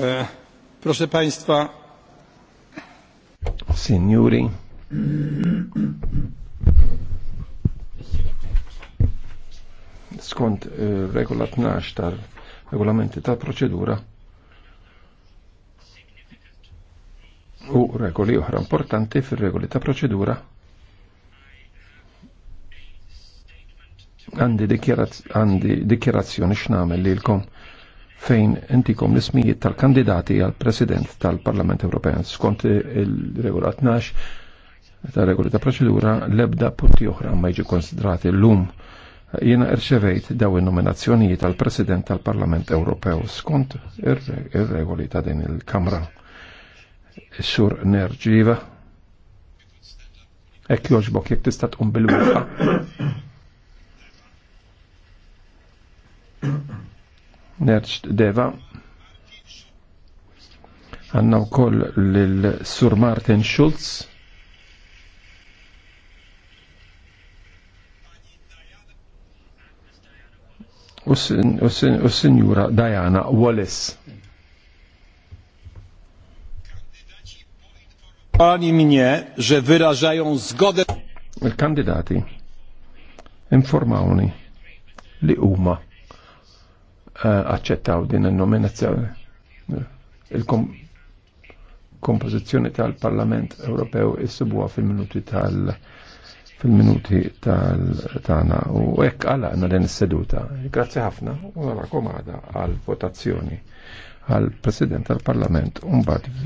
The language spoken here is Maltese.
E, proszę Państwa. Signori. Skont e, regola 12 tal-regolamenti tal procedura? u regoli oħra importanti fil-regoli ta' procedura. għandi dikjerazzjoni x'namel lilkom fejn intikom l-ismijiet tal-kandidati għal President tal-Parlament Ewropen. Skont il-regola 12 ta' regola ta' proċedura lebda punti oħra ma jiġu konsidrati l-lum. Jena irċevejt daw il-nominazzjonijiet tal President tal-Parlament Ewropew skont ir-regoli ta' din il-Kamra. Sur Nerġiva. Ek joġbok jek tista' tqum bil-wifqa. Nerċ Deva. Għanna u koll l-Sur Martin Schulz. U s-Sinjura Diana Wallace. Pani mnie, że wyrażają zgodę. Il-kandidati informawni li huma Eh, aċċettaw din il-nominazzjoni il-kompożizzjoni tal-Parlament Ewropew issubuha fil-minuti tal- fil-minuti tal-tana u hekk għalaqna din is-seduta. Grazie ħafna u narakom għada għal votazzjoni għal President tal-Parlament un mbagħad